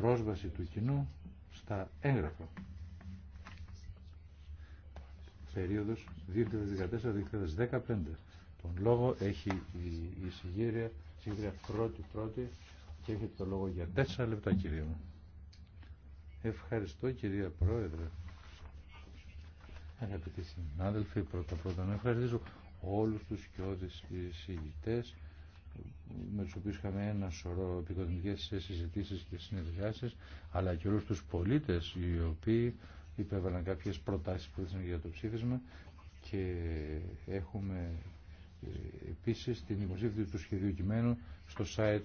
πρόσβαση του κοινού στα έγγραφα. Περίοδος 2014-2015. Τον λόγο έχει η συγγύρια, συγγύρια πρώτη πρώτη και έχει το λόγο για τέσσερα λεπτά κυρία μου. Ευχαριστώ κυρία Πρόεδρε. Αγαπητοί συνάδελφοι, πρώτα πρώτα να ευχαριστήσω όλους τους σκιώδεις συγγητές με τους οποίους είχαμε ένα σωρό επικοδομικές συζητήσεις και συνεδριάσεις, αλλά και όλους τους πολίτες οι οποίοι υπέβαλαν κάποιες προτάσεις που έδωσαν για το ψήφισμα και έχουμε ε, επίσης την υποψήφιση του σχεδίου κειμένου στο site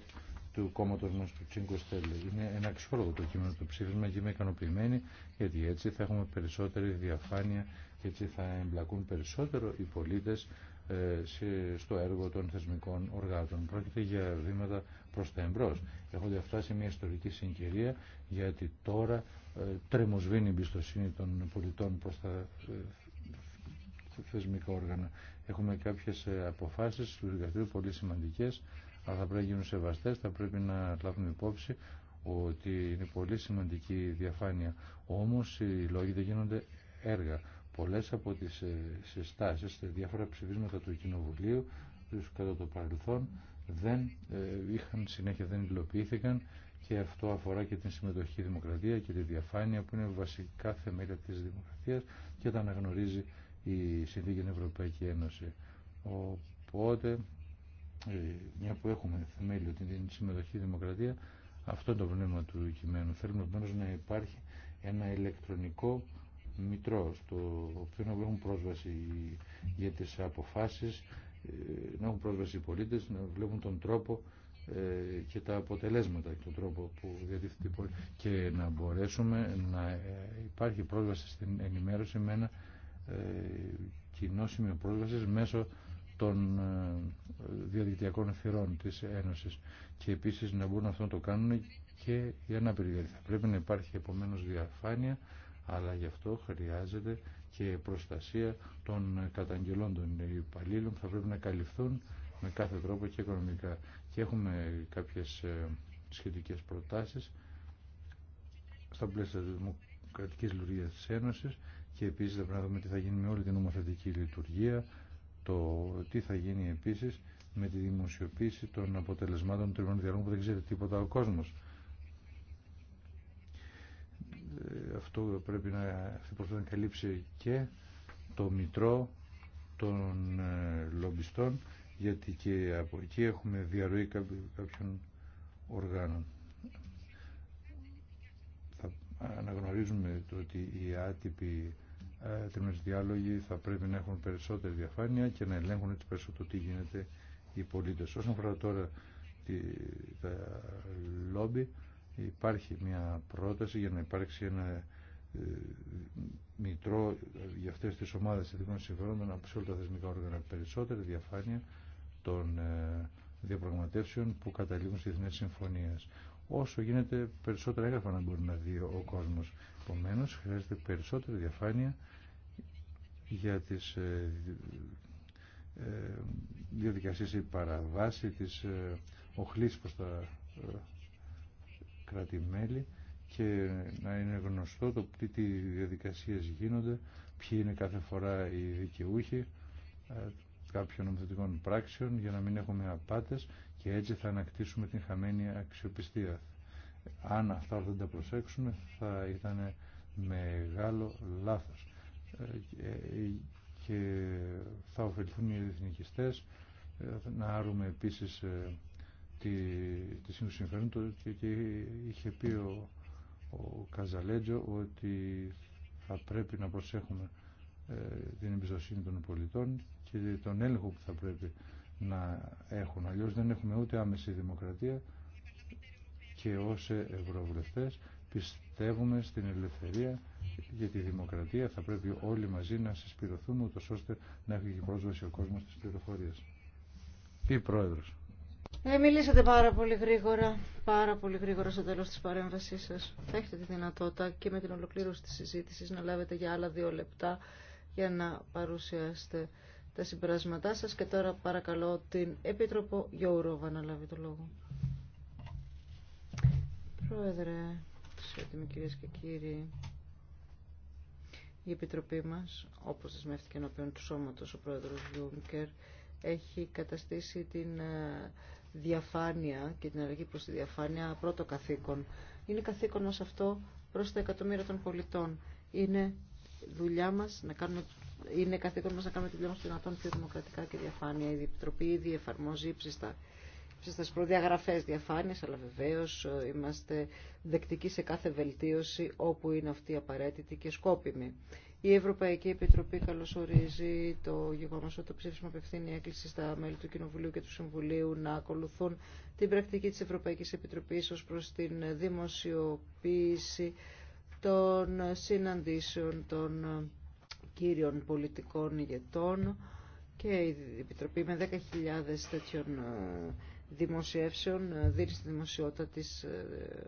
του κόμματος μας του Τσίνκο Στέλλε. Είναι ένα αξιόλογο το κείμενο του ψήφισμα και είμαι ικανοποιημένη γιατί έτσι θα έχουμε περισσότερη διαφάνεια και έτσι θα εμπλακούν περισσότερο οι πολίτες ε, στο έργο των θεσμικών οργάνων. Πρόκειται για βήματα προς τα εμπρός. Έχονται διαφτάσει μια ιστορική συγκυρία γιατί τώρα ε, τρεμοσβήνει η εμπιστοσύνη των πολιτών προς τα ε, θεσμικά όργανα. Έχουμε κάποιες αποφάσεις του δικαστήριου πολύ σημαντικές αλλά θα πρέπει να γίνουν σεβαστές, θα πρέπει να λάβουμε υπόψη ότι είναι πολύ σημαντική διαφάνεια. Όμως οι λόγοι δεν γίνονται έργα. Πολλές από τις ε, συστάσεις σε διάφορα ψηφίσματα του Κοινοβουλίου τους κατά το παρελθόν δεν ε, είχαν συνέχεια, δεν υλοποιήθηκαν και αυτό αφορά και την συμμετοχή δημοκρατία και τη διαφάνεια που είναι βασικά θεμέλια της δημοκρατίας και τα αναγνωρίζει η Συνθήκη Ευρωπαϊκή Ένωση. Οπότε, ε, μια που έχουμε θεμέλιο την συμμετοχή δημοκρατία, αυτό είναι το πνεύμα του κειμένου. Θέλουμε επομένως να υπάρχει ένα ηλεκτρονικό μητρό, στο οποίο να έχουν πρόσβαση για τις αποφάσεις, ε, να έχουν πρόσβαση οι πολίτες, να βλέπουν τον τρόπο ε, και τα αποτελέσματα και τον τρόπο που διατίθεται και να μπορέσουμε να ε, υπάρχει πρόσβαση στην ενημέρωση με ένα κοινό σημείο πρόσβασης μέσω των διαδικτυακών θυρών της Ένωσης και επίσης να μπορούν αυτό να το κάνουν και οι ανάπηροι. Θα πρέπει να υπάρχει επομένως διαφάνεια αλλά γι' αυτό χρειάζεται και προστασία των καταγγελών των υπαλλήλων που θα πρέπει να καλυφθούν με κάθε τρόπο και οικονομικά. Και έχουμε κάποιες ε, σχετικές προτάσεις στα πλαίσια της Δημοκρατικής Λειτουργίας της Ένωσης και επίσης θα πρέπει να δούμε τι θα γίνει με όλη την νομοθετική λειτουργία, το τι θα γίνει επίσης με τη δημοσιοποίηση των αποτελεσμάτων του διαλόγου που δεν ξέρει τίποτα ο κόσμος αυτό πρέπει να καλύψει και το μητρό των ε, λομπιστών γιατί και από εκεί έχουμε διαρροή κάποιων οργάνων. Θα αναγνωρίζουμε το ότι οι άτυποι ε, τριμμένες διάλογοι θα πρέπει να έχουν περισσότερη διαφάνεια και να ελέγχουν έτσι περισσότερο τι γίνεται οι πολίτες. Όσον αφορά τώρα τα λόμπι, υπάρχει μια πρόταση για να υπάρξει ένα ε, μητρό για αυτές τις ομάδες εθνικών συμφερόντων από σε όλα τα θεσμικά όργανα περισσότερη διαφάνεια των ε, διαπραγματεύσεων που καταλήγουν στις διεθνές συμφωνίες. Όσο γίνεται περισσότερα έγγραφα να μπορεί να δει ο κόσμος. Επομένως, χρειάζεται περισσότερη διαφάνεια για τις ε, ε, ε διαδικασίες η παραβάση, τις ε, προς τα κρατη και να είναι γνωστό το τι, τι διαδικασίες γίνονται, ποιοι είναι κάθε φορά οι δικαιούχοι ε, κάποιων νομοθετικών πράξεων για να μην έχουμε απάτες και έτσι θα ανακτήσουμε την χαμένη αξιοπιστία. Αν αυτά δεν τα προσέξουμε θα ήταν μεγάλο λάθος ε, ε, και θα ωφεληθούν οι εθνικιστές να άρουμε επίσης σύγκρουση και, είχε πει ο, ο Καζαλέτζο ότι θα πρέπει να προσέχουμε ε, την εμπιστοσύνη των πολιτών και τον έλεγχο που θα πρέπει να έχουν. Αλλιώς δεν έχουμε ούτε άμεση δημοκρατία και ω ευρωβουλευτές πιστεύουμε στην ελευθερία για τη δημοκρατία. Θα πρέπει όλοι μαζί να συσπηρωθούμε ούτως ώστε να έχει πρόσβαση ο κόσμος στις πληροφορίες. Ή πρόεδρος. Ε, μιλήσατε πάρα πολύ γρήγορα, πάρα πολύ γρήγορα στο τέλος της παρέμβασής σας. Θα έχετε τη δυνατότητα και με την ολοκλήρωση της συζήτησης να λάβετε για άλλα δύο λεπτά για να παρουσιάσετε τα συμπεράσματά σας και τώρα παρακαλώ την Επίτροπο Γιώργο να λάβει το λόγο. Πρόεδρε, σύντομοι κυρίες και κύριοι, η Επιτροπή μας, όπως δεσμεύτηκε ενώπιον του σώματος ο Πρόεδρος Γιούνκερ, έχει καταστήσει την ε, διαφάνεια και την αλλαγή προς τη διαφάνεια πρώτο καθήκον. Είναι καθήκον μας αυτό προς τα εκατομμύρια των πολιτών. Είναι δουλειά μας να κάνουμε είναι καθήκον μας να κάνουμε τη δουλειά μας δυνατόν πιο δημοκρατικά και διαφάνεια. Η Επιτροπή ήδη εφαρμόζει ύψιστα στις προδιαγραφές διαφάνειας, αλλά βεβαίως ε, είμαστε δεκτικοί σε κάθε βελτίωση όπου είναι αυτή απαραίτητη και σκόπιμη. Η Ευρωπαϊκή Επιτροπή καλωσορίζει το γεγονό ότι το ψήφισμα απευθύνει έκκληση στα μέλη του Κοινοβουλίου και του Συμβουλίου να ακολουθούν την πρακτική τη Ευρωπαϊκή Επιτροπή ω προ την δημοσιοποίηση των συναντήσεων των κύριων πολιτικών ηγετών και η Επιτροπή με 10.000 τέτοιων ε, δημοσιεύσεων ε, δίνει στη δημοσιότητα τις ε,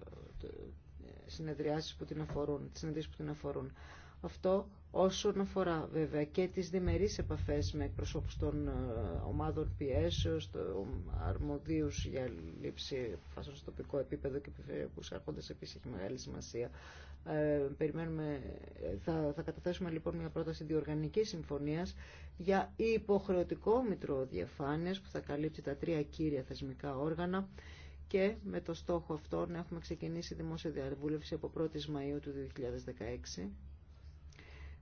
συνεδριάσεις που την αφορούν. Αυτό όσον αφορά βέβαια και τις διμερείς επαφές με εκπροσώπους των ε, ομάδων πιέσεως, αρμοδίους για λήψη αποφάσεων στο τοπικό επίπεδο και επιφερειακούς άρχοντες επίσης έχει μεγάλη σημασία. Ε, περιμένουμε, ε, θα, θα καταθέσουμε λοιπόν μια πρόταση διοργανικής συμφωνίας για υποχρεωτικό μητρό διαφάνεια που θα καλύπτει τα τρία κύρια θεσμικά όργανα και με το στοχο αυτό να αυτόν έχουμε ξεκινήσει δημόσια διαβούλευση από 1η Μαΐου του 2016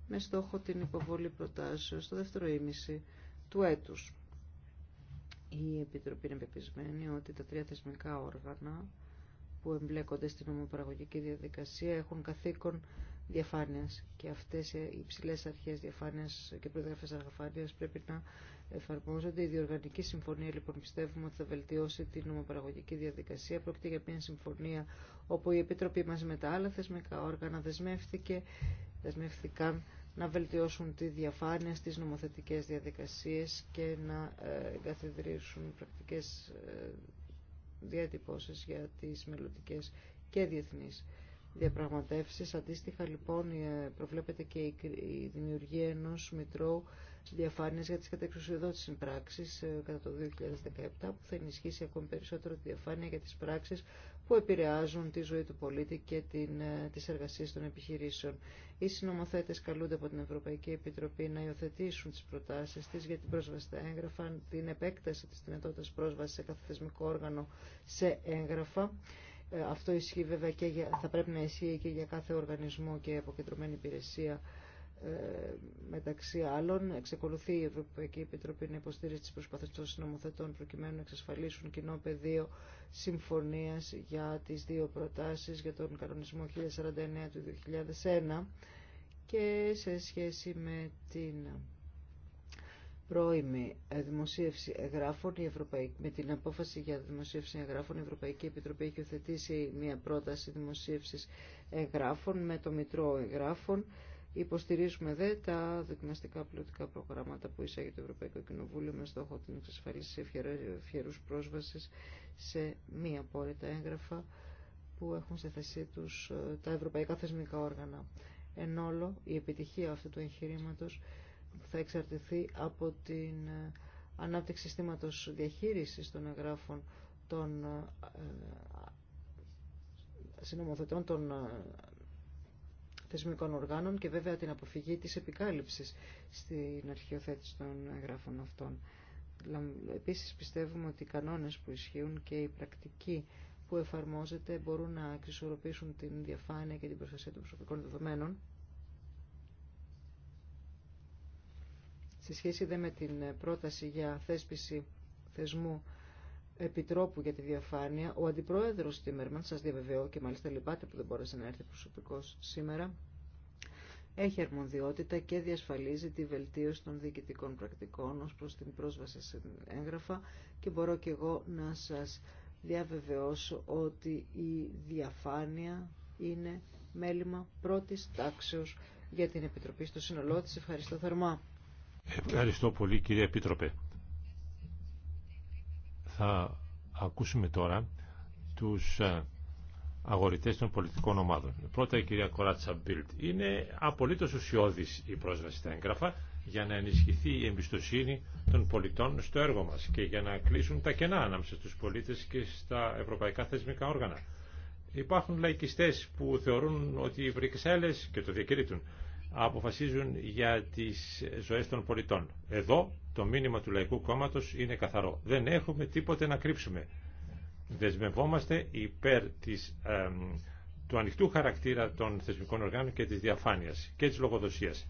με στόχο την υποβολή προτάσεων στο δεύτερο ήμιση του έτους. Η Επιτροπή είναι πεπισμένη ότι τα τρία θεσμικά όργανα που εμπλέκονται στην νομοπαραγωγική διαδικασία έχουν καθήκον διαφάνειας και αυτές οι υψηλές αρχές διαφάνειας και προδιαγραφές αργαφάνειας πρέπει να εφαρμόζονται. Η διοργανική συμφωνία λοιπόν πιστεύουμε ότι θα βελτιώσει την νομοπαραγωγική διαδικασία. Πρόκειται για μια συμφωνία όπου η Επιτροπή μαζί με τα άλλα θεσμικά όργανα δεσμεύθηκε δεσμεύθηκαν να βελτιώσουν τη διαφάνεια στις νομοθετικές διαδικασίες και να ε, εγκαθιδρύσουν πρακτικές ε, διατυπώσεις για τις μελλοντικέ και διεθνείς διαπραγματεύσεις. Αντίστοιχα λοιπόν ε, προβλέπεται και η δημιουργία ενός Μητρώου Διαφάνειας για τις κατεξουσιοδότησης πράξεις κατά το 2017 που θα ενισχύσει ακόμη περισσότερο τη διαφάνεια για τις πράξεις που επηρεάζουν τη ζωή του πολίτη και την, ε, τις εργασίες των επιχειρήσεων. Οι συνομοθέτες καλούνται από την Ευρωπαϊκή Επιτροπή να υιοθετήσουν τις προτάσεις της για την πρόσβαση στα έγγραφα, την επέκταση της δυνατότητας πρόσβασης σε κάθε θεσμικό όργανο σε έγγραφα. Ε, αυτό ισχύει βέβαια και θα πρέπει να ισχύει και για κάθε οργανισμό και αποκεντρωμένη υπηρεσία ε, μεταξύ άλλων, εξακολουθεί η Ευρωπαϊκή Επιτροπή να υποστηρίζει τις προσπάθειες των συνομοθετών προκειμένου να εξασφαλίσουν κοινό πεδίο συμφωνίας για τις δύο προτάσεις για τον κανονισμό 1049 του 2001 και σε σχέση με την πρώιμη δημοσίευση εγγράφων, Ευρωπαϊκή, με την απόφαση για δημοσίευση εγγράφων, η Ευρωπαϊκή Επιτροπή έχει οθετήσει μια πρόταση δημοσίευσης εγγράφων με το Μητρό Εγγράφων Υποστηρίζουμε δε τα δοκιμαστικά πιλωτικά προγράμματα που εισάγει το Ευρωπαϊκό Κοινοβούλιο με στόχο την εξασφάλιση ευχερού πρόσβασης σε μη απόρριτα έγγραφα που έχουν σε θέση του ε, τα ευρωπαϊκά θεσμικά όργανα. Εν όλο, η επιτυχία αυτού του εγχειρήματο θα εξαρτηθεί από την ε, ανάπτυξη συστήματος διαχείριση των εγγράφων των ε, συνομοθετών των θεσμικών οργάνων και βέβαια την αποφυγή της επικάλυψης στην αρχαιοθέτηση των εγγράφων αυτών. Επίσης πιστεύουμε ότι οι κανόνες που ισχύουν και η πρακτική που εφαρμόζεται μπορούν να εξισορροπήσουν την διαφάνεια και την προστασία των προσωπικών δεδομένων σε σχέση δε με την πρόταση για θέσπιση θεσμού Επιτρόπου για τη Διαφάνεια, ο Αντιπρόεδρος Τίμερμαν, σας διαβεβαιώ και μάλιστα λυπάται που δεν μπόρεσε να έρθει προσωπικός σήμερα, έχει αρμοδιότητα και διασφαλίζει τη βελτίωση των διοικητικών πρακτικών ως προς την πρόσβαση σε έγγραφα και μπορώ και εγώ να σας διαβεβαιώσω ότι η διαφάνεια είναι μέλημα πρώτης τάξεως για την Επιτροπή στο σύνολό τη. Ευχαριστώ θερμά. Ευχαριστώ πολύ κύριε Επίτροπε. Θα ακούσουμε τώρα τους ε, αγορητές των πολιτικών ομάδων. Πρώτα η κυρία Κοράτσα Μπίλτ. Είναι απολύτως ουσιώδης η πρόσβαση στα έγγραφα για να ενισχυθεί η εμπιστοσύνη των πολιτών στο έργο μας και για να κλείσουν τα κενά ανάμεσα στους πολίτες και στα ευρωπαϊκά θεσμικά όργανα. Υπάρχουν λαϊκιστές που θεωρούν ότι οι Βρυξέλλες και το διακηρύττουν αποφασίζουν για τις ζωές των πολιτών. Εδώ το μήνυμα του Λαϊκού Κόμματος είναι καθαρό. Δεν έχουμε τίποτε να κρύψουμε. Δεσμευόμαστε υπέρ της, του ανοιχτού χαρακτήρα των θεσμικών οργάνων και της διαφάνειας και της λογοδοσίας.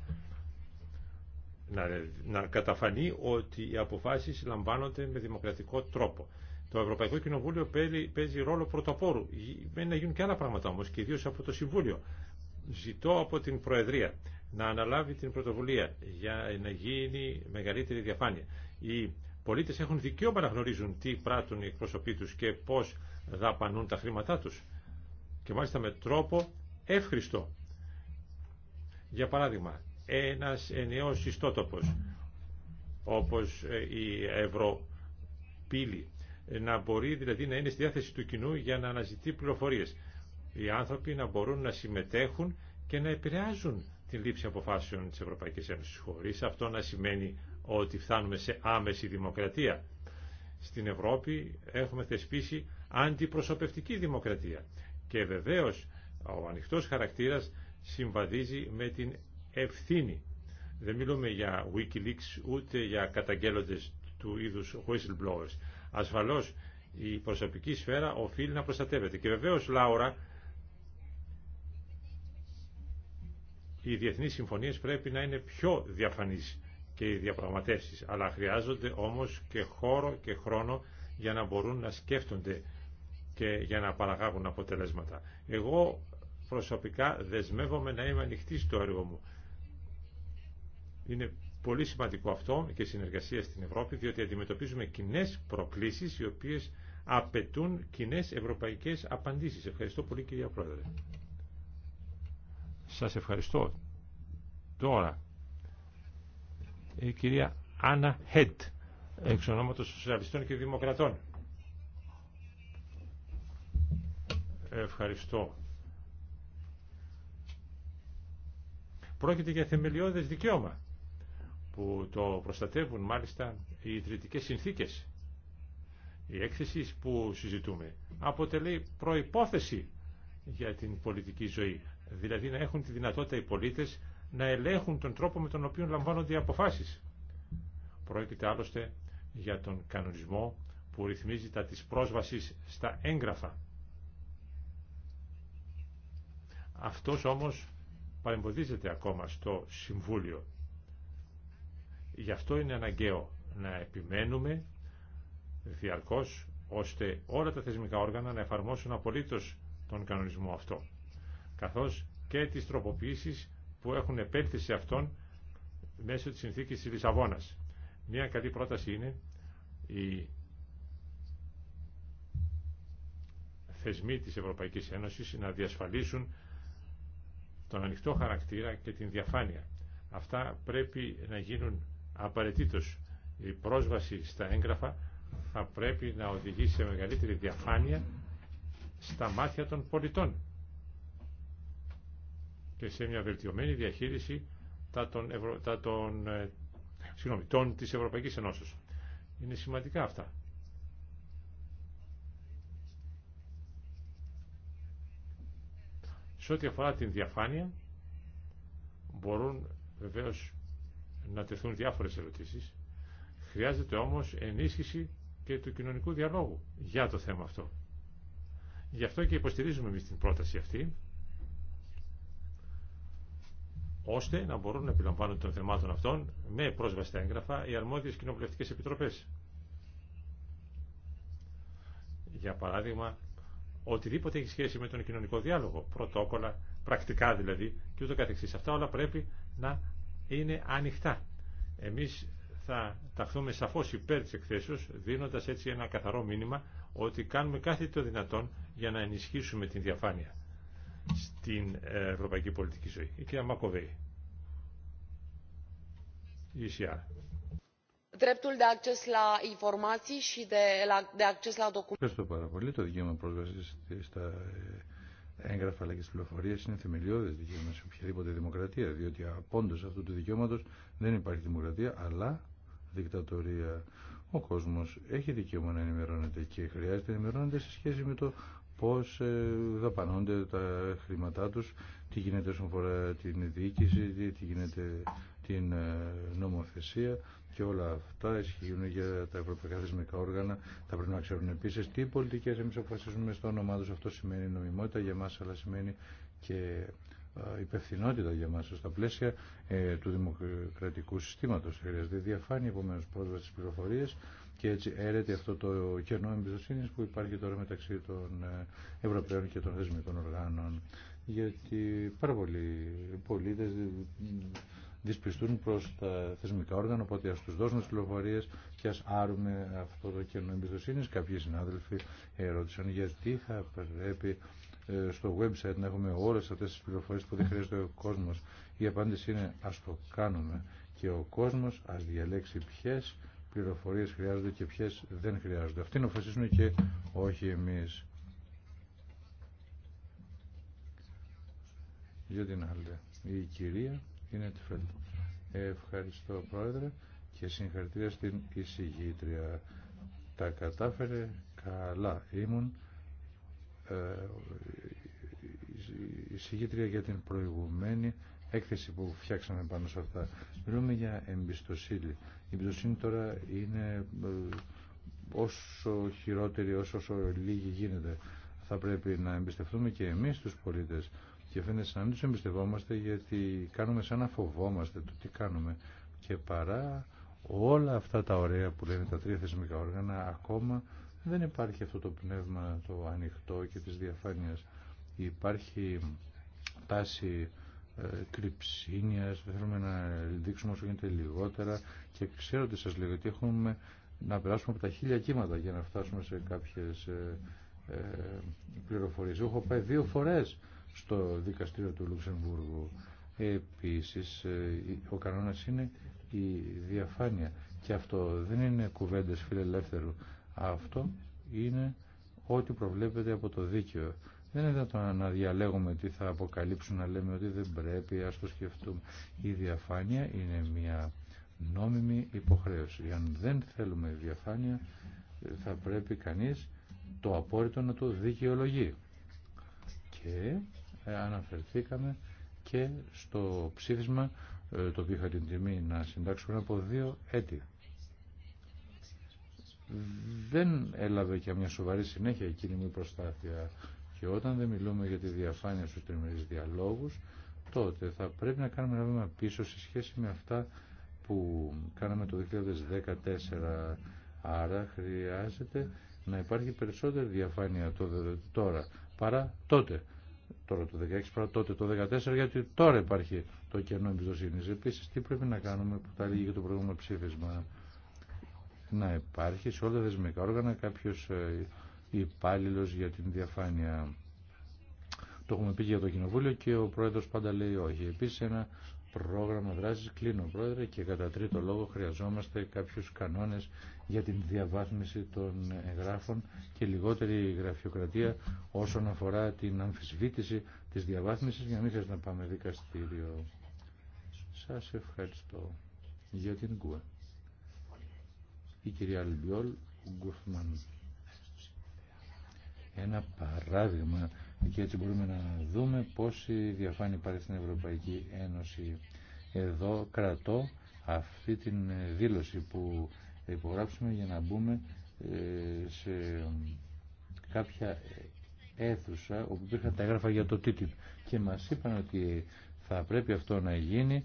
Να, να καταφανεί ότι οι αποφάσεις λαμβάνονται με δημοκρατικό τρόπο. Το Ευρωπαϊκό Κοινοβούλιο παίζει ρόλο πρωτοπόρου. Μένει να γίνουν και άλλα πράγματα όμω, και από το Συμβούλιο ζητώ από την Προεδρία να αναλάβει την πρωτοβουλία για να γίνει μεγαλύτερη διαφάνεια. Οι πολίτες έχουν δικαίωμα να γνωρίζουν τι πράττουν οι εκπροσωποί τους και πώς δαπανούν τα χρήματά τους. Και μάλιστα με τρόπο εύχριστο. Για παράδειγμα, ένας ενιαίος ιστότοπος, όπως ε, η Ευρωπύλη, να μπορεί δηλαδή να είναι στη διάθεση του κοινού για να αναζητεί πληροφορίες οι άνθρωποι να μπορούν να συμμετέχουν και να επηρεάζουν την λήψη αποφάσεων της Ευρωπαϊκής Ένωσης χωρίς αυτό να σημαίνει ότι φτάνουμε σε άμεση δημοκρατία. Στην Ευρώπη έχουμε θεσπίσει αντιπροσωπευτική δημοκρατία και βεβαίως ο ανοιχτός χαρακτήρας συμβαδίζει με την ευθύνη. Δεν μιλούμε για Wikileaks ούτε για καταγγέλλοντες του είδους whistleblowers. Ασφαλώς η προσωπική σφαίρα οφείλει να προστατεύεται. Και βεβαίως, Λάουρα, οι διεθνείς συμφωνίες πρέπει να είναι πιο διαφανείς και οι διαπραγματεύσεις, αλλά χρειάζονται όμως και χώρο και χρόνο για να μπορούν να σκέφτονται και για να παραγάγουν αποτελέσματα. Εγώ προσωπικά δεσμεύομαι να είμαι ανοιχτή στο έργο μου. Είναι πολύ σημαντικό αυτό και συνεργασία στην Ευρώπη, διότι αντιμετωπίζουμε κοινέ προκλήσει οι οποίε απαιτούν κοινέ ευρωπαϊκέ απαντήσει. Ευχαριστώ πολύ κυρία Πρόεδρε. Σας ευχαριστώ. Τώρα, η κυρία Άννα Χέντ, εξ ονόματος Σοσιαλιστών και Δημοκρατών. Ευχαριστώ. Πρόκειται για θεμελιώδες δικαίωμα που το προστατεύουν μάλιστα οι ιδρυτικές συνθήκες. Η έκθεση που συζητούμε αποτελεί προϋπόθεση για την πολιτική ζωή. Δηλαδή να έχουν τη δυνατότητα οι πολίτες να ελέγχουν τον τρόπο με τον οποίο λαμβάνονται οι αποφάσεις. Πρόκειται άλλωστε για τον κανονισμό που ρυθμίζει τα της πρόσβασης στα έγγραφα. Αυτός όμως παρεμποδίζεται ακόμα στο Συμβούλιο. Γι' αυτό είναι αναγκαίο να επιμένουμε διαρκώς ώστε όλα τα θεσμικά όργανα να εφαρμόσουν απολύτως τον κανονισμό αυτό καθώς και τις τροποποιήσεις που έχουν επέλθει σε αυτόν μέσω της συνθήκης της Λισαβόνας. Μία καλή πρόταση είναι η θεσμοί της Ευρωπαϊκής Ένωσης να διασφαλίσουν τον ανοιχτό χαρακτήρα και την διαφάνεια. Αυτά πρέπει να γίνουν απαραίτητος. Η πρόσβαση στα έγγραφα θα πρέπει να οδηγήσει σε μεγαλύτερη διαφάνεια στα μάτια των πολιτών και σε μια βελτιωμένη διαχείριση τα των, Ευρω... τα των... Ε, συγγνώμη, των της Ευρωπαϊκής Ενώσεως. Είναι σημαντικά αυτά. Σε ό,τι αφορά την διαφάνεια, μπορούν βεβαίως να τεθούν διάφορες ερωτήσεις. Χρειάζεται όμως ενίσχυση και του κοινωνικού διαλόγου για το θέμα αυτό. Γι' αυτό και υποστηρίζουμε εμείς την πρόταση αυτή ώστε να μπορούν να επιλαμβάνουν των θεμάτων αυτών με πρόσβαση στα έγγραφα οι αρμόδιες κοινοβουλευτικές επιτροπές. Για παράδειγμα, οτιδήποτε έχει σχέση με τον κοινωνικό διάλογο, πρωτόκολλα, πρακτικά δηλαδή και ούτω καθεξής. Αυτά όλα πρέπει να είναι ανοιχτά. Εμείς θα ταχθούμε σαφώς υπέρ της εκθέσεως, δίνοντας έτσι ένα καθαρό μήνυμα ότι κάνουμε κάθε το δυνατόν για να ενισχύσουμε την διαφάνεια στην ε, ευρωπαϊκή πολιτική ζωή. Η κυρία Μακοβέη. Η Dreptul Ευχαριστώ πάρα πολύ. Το δικαίωμα πρόσβαση στα ε, έγγραφα αλλά και στι πληροφορίε είναι θεμελιώδε δικαίωμα σε οποιαδήποτε δημοκρατία. Διότι απόντω αυτού του δικαιώματο δεν υπάρχει δημοκρατία αλλά δικτατορία. Ο κόσμο έχει δικαίωμα να ενημερώνεται και χρειάζεται να ενημερώνεται σε σχέση με το πώς ε, δαπανώνται τα χρήματά τους, τι γίνεται όσον αφορά την διοίκηση, τι γίνεται την ε, νομοθεσία και όλα αυτά ισχύουν για τα ευρωπαϊκά θεσμικά όργανα. Θα πρέπει να ξέρουν επίση τι πολιτικέ εμεί αποφασίζουμε στο όνομά του. Αυτό σημαίνει νομιμότητα για μα, αλλά σημαίνει και ε, υπευθυνότητα για μας στα πλαίσια του δημοκρατικού συστήματος. Χρειάζεται διαφάνεια επομένως πρόσβαση στις πληροφορίες και έτσι έρεται αυτό το κενό εμπιστοσύνη που υπάρχει τώρα μεταξύ των ε, Ευρωπαίων και των θεσμικών οργάνων. Γιατί πάρα πολλοί πολίτε δυσπιστούν προ τα θεσμικά όργανα, οπότε α του δώσουμε τι πληροφορίε και α άρουμε αυτό το κενό εμπιστοσύνη. Κάποιοι συνάδελφοι ερώτησαν γιατί θα πρέπει ε, στο website να έχουμε όλε αυτέ τι πληροφορίε που δεν χρειάζεται ο κόσμο. Η απάντηση είναι α το κάνουμε και ο κόσμος α διαλέξει ποιε πληροφορίες χρειάζονται και ποιες δεν χρειάζονται. Αυτοί να και όχι εμείς. Για την άλλη, η κυρία είναι τη Ευχαριστώ πρόεδρε και συγχαρητήρια στην εισηγήτρια. Τα κατάφερε καλά. Ήμουν ε, εισηγήτρια για την προηγουμένη έκθεση που φτιάξαμε πάνω σε αυτά. Μιλούμε για εμπιστοσύνη. Η εμπιστοσύνη τώρα είναι ε, όσο χειρότερη, όσο, όσο λίγη γίνεται. Θα πρέπει να εμπιστευτούμε και εμείς τους πολίτες και φαίνεται σαν να μην τους εμπιστευόμαστε γιατί κάνουμε σαν να φοβόμαστε το τι κάνουμε και παρά όλα αυτά τα ωραία που λένε τα τρία θεσμικά όργανα ακόμα δεν υπάρχει αυτό το πνεύμα το ανοιχτό και της διαφάνειας υπάρχει τάση κρυψίνιας, ε, θέλουμε να δείξουμε όσο γίνεται λιγότερα και ξέρω ότι σας λέω ότι έχουμε να περάσουμε από τα χίλια κύματα για να φτάσουμε σε κάποιες ε, ε πληροφορίες. Έχω πάει δύο φορές στο δικαστήριο του Λουξεμβούργου. Επίσης, ε, ο κανόνας είναι η διαφάνεια. Και αυτό δεν είναι κουβέντες φιλελεύθερου. Αυτό είναι ό,τι προβλέπεται από το δίκαιο. Δεν είναι να διαλέγουμε τι θα αποκαλύψουν, να λέμε ότι δεν πρέπει, ας το σκεφτούμε. Η διαφάνεια είναι μια νόμιμη υποχρέωση. Αν δεν θέλουμε διαφάνεια, θα πρέπει κανείς το απόρριτο να το δικαιολογεί. Και ε, αναφερθήκαμε και στο ψήφισμα ε, το οποίο είχα την τιμή να συντάξουμε από δύο έτη. Δεν έλαβε και μια σοβαρή συνέχεια εκείνη μου η και όταν δεν μιλούμε για τη διαφάνεια στους τριμερείς διαλόγους, τότε θα πρέπει να κάνουμε ένα βήμα πίσω σε σχέση με αυτά που κάναμε το 2014. Άρα χρειάζεται να υπάρχει περισσότερη διαφάνεια τώρα παρά τότε. Τώρα το 16 παρά τότε το 14 γιατί τώρα υπάρχει το κενό εμπιστοσύνη. Επίση τι πρέπει να κάνουμε που τα λέγει και το προηγούμενο ψήφισμα. Να υπάρχει σε όλα τα δεσμικά όργανα κάποιο ε, υπάλληλο για την διαφάνεια. Το έχουμε πει για το Κοινοβούλιο και ο Πρόεδρος πάντα λέει όχι. Επίση ένα πρόγραμμα δράσης κλείνω Πρόεδρε και κατά τρίτο λόγο χρειαζόμαστε κάποιου κανόνες για την διαβάθμιση των εγγράφων και λιγότερη γραφειοκρατία όσον αφορά την αμφισβήτηση της διαβάθμισης για να μην να πάμε δικαστήριο. Σα ευχαριστώ για την ΚΟΕ. Η κυρία Λιόλ Γκουφμαν ένα παράδειγμα και έτσι μπορούμε να δούμε πόση διαφάνεια υπάρχει στην Ευρωπαϊκή Ένωση. Εδώ κρατώ αυτή την δήλωση που υπογράψουμε για να μπούμε ε, σε κάποια αίθουσα όπου υπήρχαν τα έγγραφα για το TTIP και μας είπαν ότι θα πρέπει αυτό να γίνει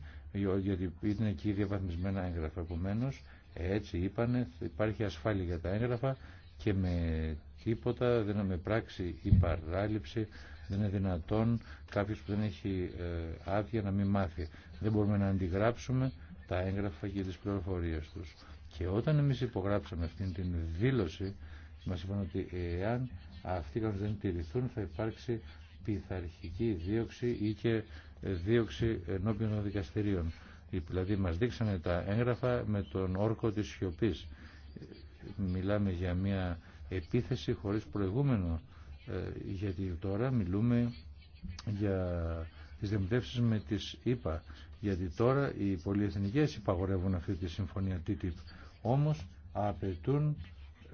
γιατί ήταν εκεί διαβαθμισμένα έγγραφα. Επομένω, έτσι είπανε, υπάρχει ασφάλεια για τα έγγραφα και με τίποτα, δεν με πράξη ή παράληψη, δεν είναι δυνατόν κάποιο που δεν έχει ε, άδεια να μην μάθει. Δεν μπορούμε να αντιγράψουμε τα έγγραφα και τις πληροφορίες τους. Και όταν εμείς υπογράψαμε αυτήν την δήλωση, μας είπαν ότι εάν αυτοί οι δεν τηρηθούν θα υπάρξει πειθαρχική δίωξη ή και δίωξη ενώπιον των δικαστηρίων. Δηλαδή μας δείξανε τα έγγραφα με τον όρκο της σιωπής. Μιλάμε για μια επίθεση χωρίς προηγούμενο ε, γιατί τώρα μιλούμε για τις δημοτεύσει με τις ίπα, γιατί τώρα οι πολυεθνικές υπαγορεύουν αυτή τη συμφωνία TTIP όμως απαιτούν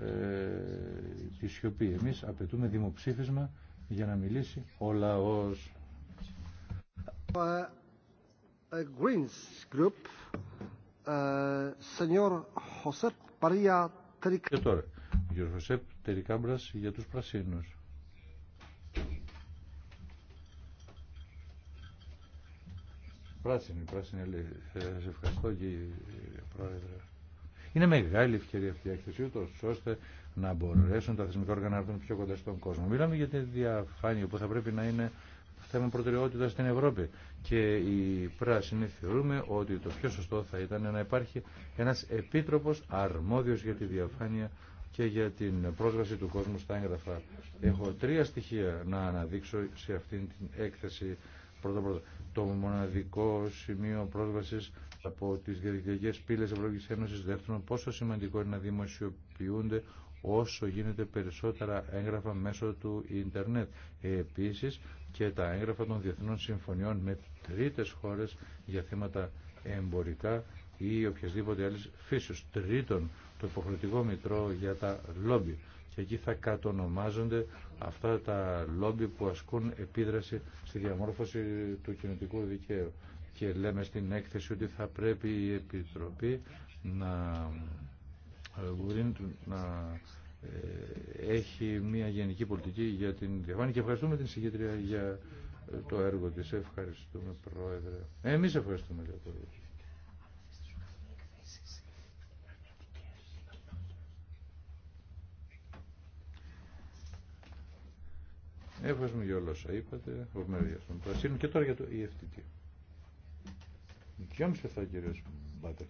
ε, τη σιωπή εμείς απαιτούμε δημοψήφισμα για να μιλήσει ο λαός ε, Greens Group ε, Senor Paria κ. Χωσέπ Τερικάμπρας για τους Πρασίνους. Πράσινη, πράσινη αλήθεια. Ε, σε ευχαριστώ κύριε Πρόεδρε. Είναι μεγάλη ευκαιρία αυτή η έκθεση, ούτω ώστε να μπορέσουν τα θεσμικά όργανα να έρθουν πιο κοντά στον κόσμο. Μιλάμε για τη διαφάνεια που θα πρέπει να είναι θέμα προτεραιότητα στην Ευρώπη. Και οι πράσινοι θεωρούμε ότι το πιο σωστό θα ήταν να υπάρχει ένα επίτροπο αρμόδιο για τη διαφάνεια και για την πρόσβαση του κόσμου στα έγγραφα. Έχω τρία στοιχεία να αναδείξω σε αυτήν την έκθεση. Πρώτα πρώτα, το μοναδικό σημείο πρόσβαση από τις διαδικτυακέ πύλες Ευρωπαϊκή Ένωση Δεύτερον, πόσο σημαντικό είναι να δημοσιοποιούνται όσο γίνεται περισσότερα έγγραφα μέσω του ίντερνετ. Επίσης και τα έγγραφα των διεθνών συμφωνιών με τρίτες χώρες για θέματα εμπορικά ή οποιασδήποτε άλλη φύσεως. Τρίτον, το υποχρεωτικό μητρό για τα λόμπι. Και εκεί θα κατονομάζονται αυτά τα λόμπι που ασκούν επίδραση στη διαμόρφωση του κοινωτικού δικαίου. Και λέμε στην έκθεση ότι θα πρέπει η Επιτροπή να ε, να ε, έχει μια γενική πολιτική για την διαφάνεια και ευχαριστούμε την συγκέντρια για το έργο της. Ευχαριστούμε Πρόεδρε. Ε, εμείς ευχαριστούμε για το έργο. Ευχαριστούμε για όλα όσα είπατε, ο για των Πρασίνων και τώρα για το EFTT. μισή θα κυρίως Μπάτερν.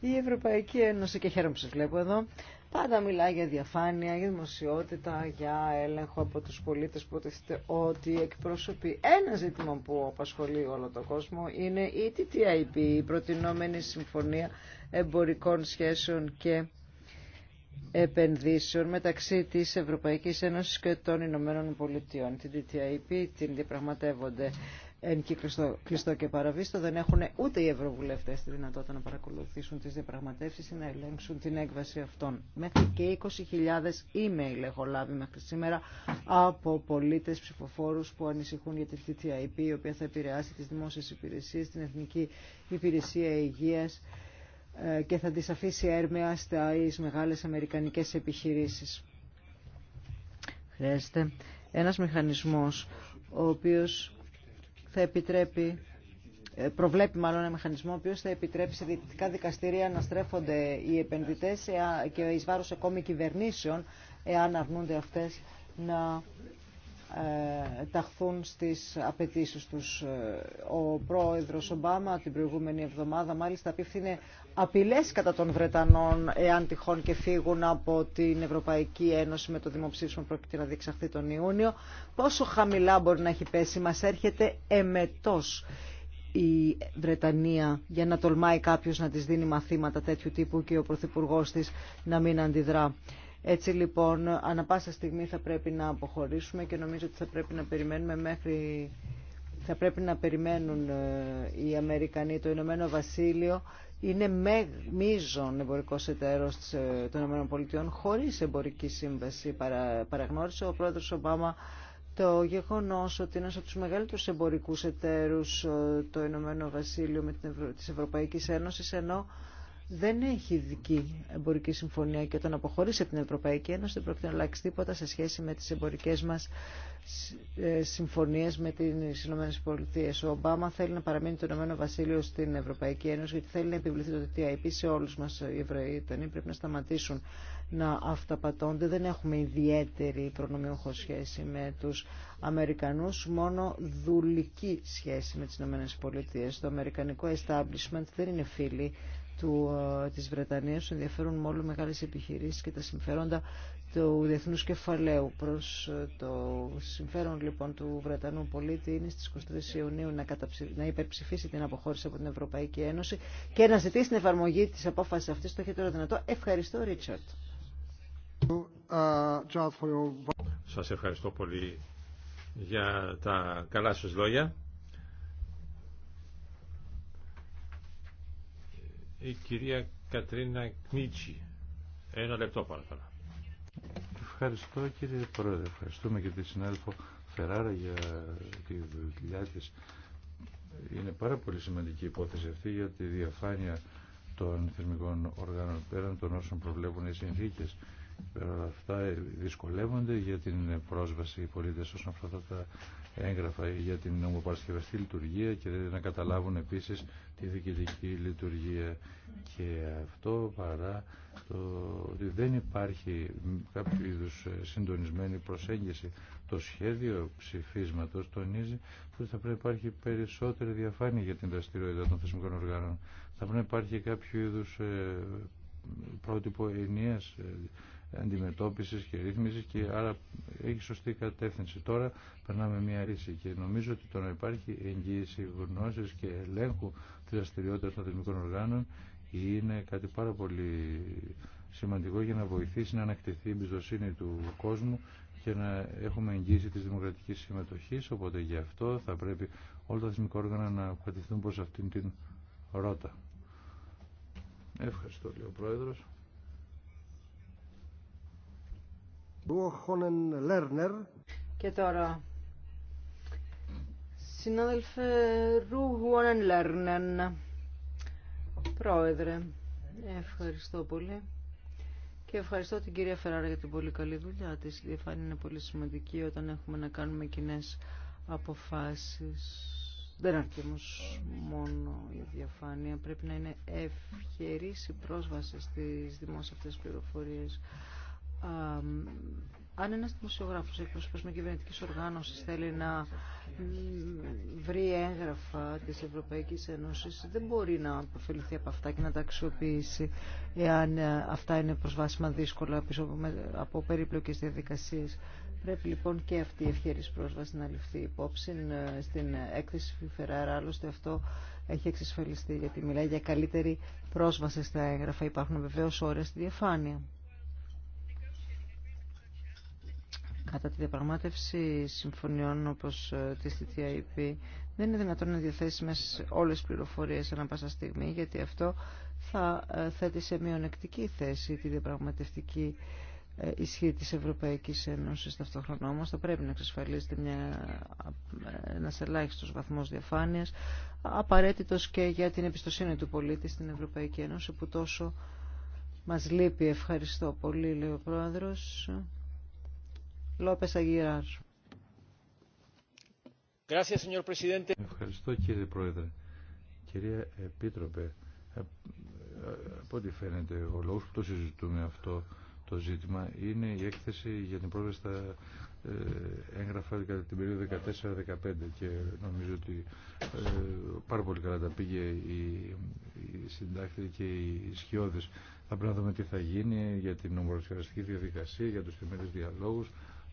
Η Ευρωπαϊκή Ένωση, και χαίρομαι που σας βλέπω εδώ, Πάντα μιλάει για διαφάνεια, για δημοσιότητα, για έλεγχο από τους πολίτες που υποτίθεται ότι εκπροσωπεί. Ένα ζήτημα που απασχολεί όλο τον κόσμο είναι η TTIP, η προτινόμενη συμφωνία εμπορικών σχέσεων και επενδύσεων μεταξύ της Ευρωπαϊκής Ένωσης και των Ηνωμένων Πολιτειών. Την TTIP την διαπραγματεύονται εν και κλειστό, και παραβίστο, δεν έχουν ούτε οι ευρωβουλευτέ τη δυνατότητα να παρακολουθήσουν τι διαπραγματεύσει ή να ελέγξουν την έκβαση αυτών. Μέχρι και 20.000 email έχω λάβει μέχρι σήμερα από πολίτε ψηφοφόρου που ανησυχούν για τη TTIP, η οποία θα επηρεάσει τι δημόσιε υπηρεσίε, την Εθνική Υπηρεσία Υγεία ε, και θα τις αφήσει έρμεα στις μεγάλες αμερικανικές επιχειρήσεις. Χρειάζεται ένας μηχανισμός ο οποίος θα επιτρέπει ε, προβλέπει μάλλον ένα μηχανισμό ο οποίο θα επιτρέψει σε διεκτικά δικαστήρια να στρέφονται οι επενδυτέ και ει βάρο ακόμη κυβερνήσεων, εάν αρνούνται αυτέ να ε, ταχθούν στις απαιτήσεις τους. Ε, ο πρόεδρος Ομπάμα την προηγούμενη εβδομάδα μάλιστα απίφθινε απειλές κατά των Βρετανών εάν τυχόν και φύγουν από την Ευρωπαϊκή Ένωση με το δημοψήφισμα που πρόκειται να διεξαχθεί τον Ιούνιο. Πόσο χαμηλά μπορεί να έχει πέσει, μας έρχεται εμετός η Βρετανία για να τολμάει κάποιος να της δίνει μαθήματα τέτοιου τύπου και ο Πρωθυπουργός της να μην αντιδρά. Έτσι λοιπόν, ανα πάσα στιγμή θα πρέπει να αποχωρήσουμε και νομίζω ότι θα πρέπει να περιμένουμε μέχρι θα πρέπει να περιμένουν ε, οι Αμερικανοί το Ηνωμένο Βασίλειο είναι μείζον εμπορικό εταίρο ε, των ΗΠΑ χωρί εμπορική σύμβαση. Παρα, παραγνώρισε ο πρόεδρος Ομπάμα το γεγονό ότι ένα από του μεγαλύτερου εμπορικού εταίρου ε, το Ηνωμένο Βασίλειο με την Ευρω... Ευρωπαϊκή ενώ δεν έχει ειδική εμπορική συμφωνία και όταν αποχωρήσει από την Ευρωπαϊκή Ένωση δεν πρόκειται να αλλάξει τίποτα σε σχέση με τις εμπορικές μας ε, συμφωνίες με τις ΗΠΑ. Ο Ομπάμα θέλει να παραμείνει το Ηνωμένο Βασίλειο στην Ευρωπαϊκή Ένωση γιατί θέλει να επιβληθεί το TTIP σε όλους μας οι Εβραίοι. Πρέπει να σταματήσουν να αυταπατώνται. Δεν έχουμε ιδιαίτερη προνομιούχο σχέση με τους Αμερικανούς, μόνο δουλική σχέση με τις ΗΠΑ. Το Αμερικανικό establishment δεν είναι φίλοι του, ε, της Βρετανίας του ενδιαφέρουν μόνο μεγάλες επιχειρήσεις και τα συμφέροντα του διεθνούς κεφαλαίου. Προς ε, το συμφέρον λοιπόν του Βρετανού πολίτη είναι στις 23 Ιουνίου να, καταψη... υπερψηφίσει την αποχώρηση από την Ευρωπαϊκή Ένωση και να ζητήσει την εφαρμογή της απόφασης αυτής το χειρότερο δυνατό. Ευχαριστώ Ρίτσαρτ. Σας ευχαριστώ πολύ για τα καλά σας λόγια. η κυρία Κατρίνα Κνίτσι. Ένα λεπτό παρακαλώ. Ευχαριστώ κύριε Πρόεδρε. Ευχαριστούμε και τη συνάδελφο Φεράρα για τη δουλειά τη. Είναι πάρα πολύ σημαντική η υπόθεση αυτή για τη διαφάνεια των θερμικών οργάνων πέραν των όσων προβλέπουν οι συνθήκες ε, αυτά δυσκολεύονται για την πρόσβαση οι πολίτε όσον αφορά τα έγγραφα για την νομοπαρασκευαστή λειτουργία και να καταλάβουν επίση τη διοικητική λειτουργία. Και αυτό παρά το ότι δεν υπάρχει κάποιο είδου συντονισμένη προσέγγιση. Το σχέδιο ψηφίσματος τονίζει ότι θα πρέπει να υπάρχει περισσότερη διαφάνεια για την δραστηριότητα των θεσμικών οργάνων. Θα πρέπει να υπάρχει κάποιο είδου ε, πρότυπο ενίας ε, Αντιμετώπιση και ρυθμίση και άρα έχει σωστή κατεύθυνση. Τώρα περνάμε μια ρίση και νομίζω ότι το να υπάρχει εγγύηση γνώση και ελέγχου της δραστηριότητα των θεσμικών οργάνων είναι κάτι πάρα πολύ σημαντικό για να βοηθήσει να ανακτηθεί η εμπιστοσύνη του κόσμου και να έχουμε εγγύηση της δημοκρατικής συμμετοχής, οπότε γι' αυτό θα πρέπει όλα τα θεσμικά όργανα να κρατηθούν προς αυτήν την ρότα. Ευχαριστώ, λέει ο Πρόεδρος. Και τώρα, συνάδελφε Ρούχονεν Λέρνεν, πρόεδρε, ευχαριστώ πολύ. Και ευχαριστώ την κυρία Φεράρα για την πολύ καλή δουλειά της. Η διαφάνεια είναι πολύ σημαντική όταν έχουμε να κάνουμε κοινέ αποφάσεις. Δεν αρκεί όμω μόνο η διαφάνεια. Πρέπει να είναι ευχερής η πρόσβαση στις δημόσιες αυτές πληροφορίες. πληροφορίε αν ένας δημοσιογράφος εκπροσωπός με κυβερνητική οργάνωση θέλει να βρει έγγραφα της Ευρωπαϊκής Ένωσης, δεν μπορεί να αποφεληθεί από αυτά και να τα αξιοποιήσει εάν ε, αυτά είναι προσβάσιμα δύσκολα από περίπλοκες διαδικασίες. Πρέπει λοιπόν και αυτή η ευχαίρης πρόσβαση να ληφθεί υπόψη ε, στην έκθεση Φιφεράρα. Άλλωστε αυτό έχει εξασφαλιστεί γιατί μιλάει για καλύτερη πρόσβαση στα έγγραφα. Υπάρχουν βεβαίως όρια στη διαφάνεια. Κατά τη διαπραγμάτευση συμφωνιών όπως ε, της TTIP δεν είναι δυνατόν να σε όλες τις πληροφορίες ανά πάσα στιγμή γιατί αυτό θα ε, θέτει σε μειονεκτική θέση τη διαπραγματευτική ε, ισχύ της Ευρωπαϊκής Ένωσης ταυτόχρονα όμως θα πρέπει να εξασφαλίσετε μια, ένας ελάχιστος βαθμός διαφάνειας απαραίτητος και για την εμπιστοσύνη του πολίτη στην Ευρωπαϊκή Ένωση που τόσο μας λείπει. Ευχαριστώ πολύ λέει ο Πρόεδρος. Λόπες Ευχαριστώ κύριε Πρόεδρε. Κυρία Επίτροπε, ε, ε, από ό,τι φαίνεται, ο λόγος που το συζητούμε αυτό το ζήτημα είναι η έκθεση για την πρόοδο στα ε, έγγραφα κατά την περίοδο 14-15 και νομίζω ότι πάρα πολύ καλά τα πήγε η, η συντάκτη και οι σκιώδες. Θα πρέπει να δούμε τι θα γίνει για την ομορφιαστική διαδικασία, για τους θεμέλιους διαλόγους,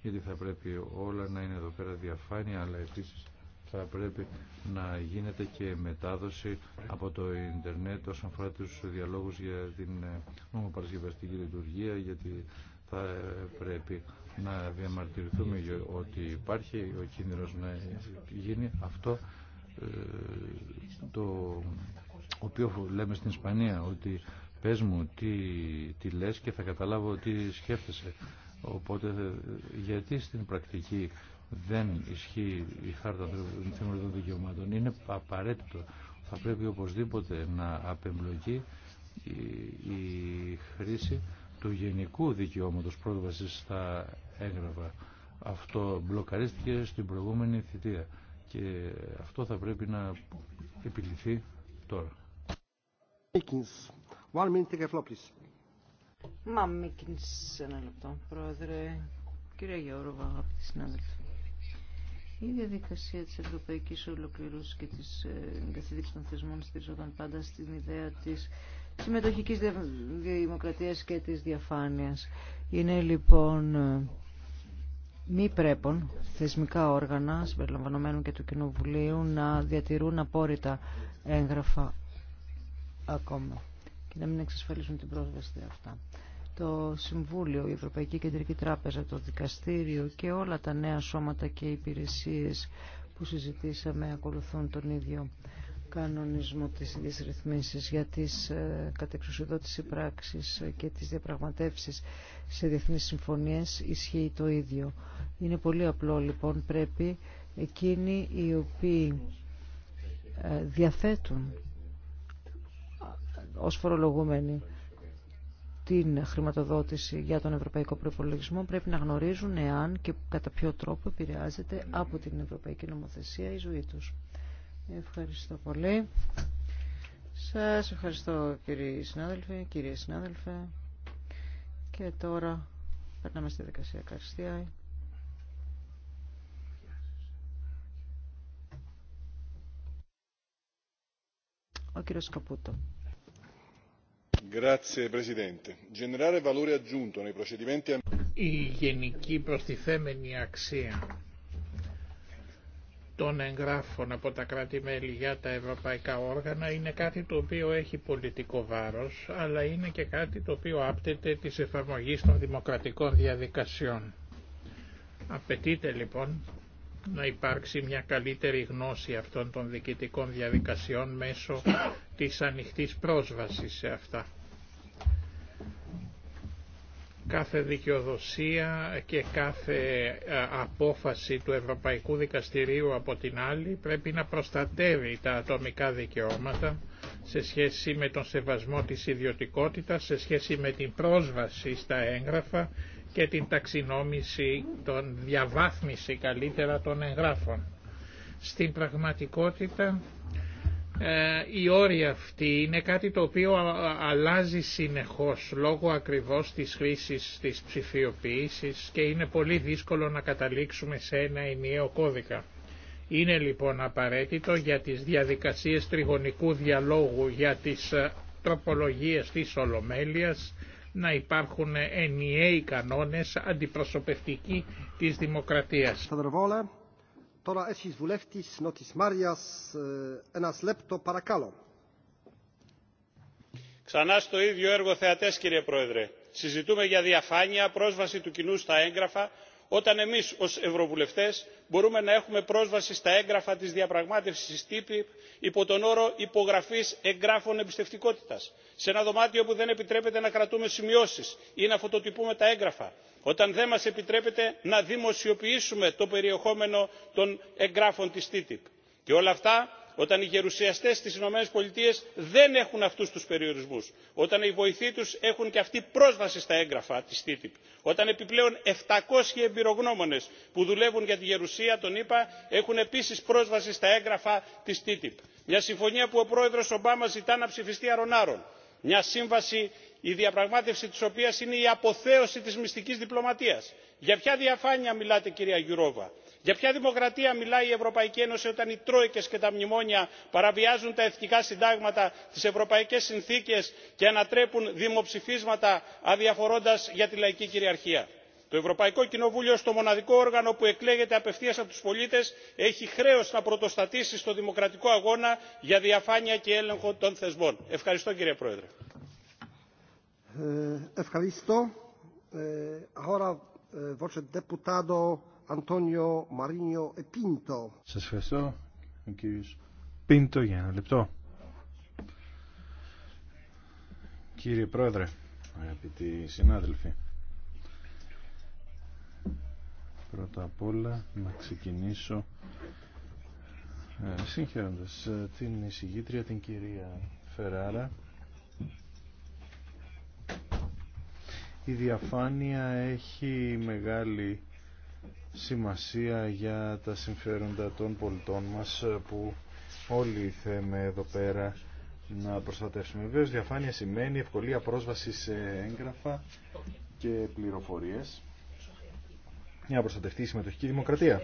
γιατί θα πρέπει όλα να είναι εδώ πέρα διαφάνεια, αλλά επίσης θα πρέπει να γίνεται και μετάδοση από το ίντερνετ όσον αφορά τους διαλόγους για την ε, νομοπαρασκευαστική λειτουργία, γιατί θα ε, πρέπει να διαμαρτυρηθούμε ότι υπάρχει ο κίνδυνος να γίνει αυτό ε, το οποίο λέμε στην Ισπανία ότι πες μου τι, τι λες και θα καταλάβω τι σκέφτεσαι Οπότε γιατί στην πρακτική δεν ισχύει η χάρτα των δικαιωμάτων. Είναι απαραίτητο. Θα πρέπει οπωσδήποτε να απεμπλοκεί η χρήση του γενικού δικαιώματος πρόσβασης στα έγγραφα. Αυτό μπλοκαρίστηκε στην προηγούμενη θητεία και αυτό θα πρέπει να επιληθεί τώρα. Μα μη κινήσεις ένα λεπτό, Πρόεδρε. Κύριε Γιώργο, αγαπητοί συνάδελφοι. Η διαδικασία της ευρωπαϊκής ολοκληρώσης και της ε, εγκαθίδρυσης των θεσμών στηριζόταν πάντα στην ιδέα της συμμετοχικής δημοκρατίας και της διαφάνειας. Είναι λοιπόν ε, μη πρέπον θεσμικά όργανα, συμπεριλαμβανομένου και του Κοινοβουλίου, να διατηρούν απόρριτα έγγραφα ακόμα να μην εξασφαλίσουν την πρόσβαση αυτά. Το Συμβούλιο, η Ευρωπαϊκή Κεντρική Τράπεζα, το Δικαστήριο και όλα τα νέα σώματα και υπηρεσίες που συζητήσαμε ακολουθούν τον ίδιο κανονισμό της ίδιας για τις ε, κατεξουσιοδότηση πράξεις και τις διαπραγματεύσεις σε διεθνείς συμφωνίες ισχύει το ίδιο. Είναι πολύ απλό λοιπόν πρέπει εκείνοι οι οποίοι ε, διαθέτουν ως φορολογούμενοι την χρηματοδότηση για τον ευρωπαϊκό προπολογισμό πρέπει να γνωρίζουν εάν και κατά ποιο τρόπο επηρεάζεται από την ευρωπαϊκή νομοθεσία η ζωή τους. Ευχαριστώ πολύ. Σας ευχαριστώ κύριοι συνάδελφοι, κύριε συνάδελφε. Και τώρα περνάμε στη δικασία Καριστία. Ο κύριος Καπούτο. Presidente. Generare Η γενική προστιθέμενη αξία των εγγράφων από τα κράτη-μέλη για τα ευρωπαϊκά όργανα είναι κάτι το οποίο έχει πολιτικό βάρος, αλλά είναι και κάτι το οποίο άπτεται της εφαρμογής των δημοκρατικών διαδικασιών. Απαιτείται λοιπόν να υπάρξει μια καλύτερη γνώση αυτών των διοικητικών διαδικασιών μέσω της ανοιχτής πρόσβασης σε αυτά κάθε δικαιοδοσία και κάθε ε, απόφαση του Ευρωπαϊκού Δικαστηρίου από την άλλη πρέπει να προστατεύει τα ατομικά δικαιώματα σε σχέση με τον σεβασμό της ιδιωτικότητας, σε σχέση με την πρόσβαση στα έγγραφα και την ταξινόμηση, τον διαβάθμιση καλύτερα των εγγράφων. Στην πραγματικότητα ε, η όρια αυτή είναι κάτι το οποίο αλλάζει συνεχώς λόγω ακριβώς της χρήσης της ψηφιοποίησης και είναι πολύ δύσκολο να καταλήξουμε σε ένα ενιαίο κώδικα. Είναι λοιπόν απαραίτητο για τις διαδικασίες τριγωνικού διαλόγου για τις ε, τροπολογίες της Ολομέλειας να υπάρχουν ενιαίοι κανόνες αντιπροσωπευτικοί της δημοκρατίας. Τώρα esis vuleftis, notis Marias, enas lepto παρακαλώ. Ξανά στο ίδιο έργο θεατές, κύριε Πρόεδρε. Συζητούμε για διαφάνεια, πρόσβαση του κοινού στα έγγραφα, όταν εμείς ως ευρωβουλευτέ μπορούμε να έχουμε πρόσβαση στα έγγραφα της διαπραγμάτευσης ttip υπό τον όρο υπογραφής εγγράφων εμπιστευτικότητας σε ένα δωμάτιο που δεν επιτρέπεται να κρατούμε σημειώσεις ή να φωτοτυπούμε τα έγγραφα όταν δεν μα επιτρέπεται να δημοσιοποιήσουμε το περιεχόμενο των εγγράφων τη ttip. και όλα αυτά όταν οι γερουσιαστές στις ηνωμένες πολιτείες δεν έχουν αυτούς τους περιορισμούς όταν οι βοηθοί τους έχουν και αυτή πρόσβαση στα έγγραφα της ttip όταν επιπλέον 700 εμπειρογνώμονες που δουλεύουν για τη γερουσία τον ηπα έχουν επίσης πρόσβαση στα έγγραφα της ttip μια συμφωνία που ο πρόεδρος ομπάμα ζητά να ψηφιστεί αρωνάρων. μια σύμβαση η διαπραγμάτευση της οποίας είναι η αποθέωση της μυστικής διπλωματίας. για ποια διαφάνεια μιλάτε κυρία Γιουρόβα για ποια δημοκρατία μιλάει η ευρωπαϊκή ένωση όταν οι τρόικες και τα μνημόνια παραβιάζουν τα εθνικά συντάγματα τις ευρωπαϊκές συνθήκες και ανατρέπουν δημοψηφίσματα αδιαφορώντας για τη λαϊκή κυριαρχία. το ευρωπαϊκό κοινοβούλιο στο το μοναδικό όργανο που εκλέγεται απευθείας από τους πολίτες έχει χρέος να πρωτοστατήσει στο δημοκρατικό αγώνα για διαφάνεια και έλεγχο των θεσμών. ευχαριστώ κύριε πρόεδρε. Ε, ε, ε, Αντώνιο Μαρίνιο Επίντο. Σας ευχαριστώ, ο Πίντο, για ένα λεπτό. Κύριε Πρόεδρε, αγαπητοί συνάδελφοι, πρώτα απ' όλα να ξεκινήσω ε, συγχαίροντας ε, την εισηγήτρια, την κυρία Φεράρα. Η διαφάνεια έχει μεγάλη σημασία για τα συμφέροντα των πολιτών μας ε, που όλοι θέμε εδώ πέρα να προστατεύσουμε. Βεβαίως διαφάνεια σημαίνει ευκολία πρόσβαση σε έγγραφα και πληροφορίες για να προστατευτεί η συμμετοχική δημοκρατία.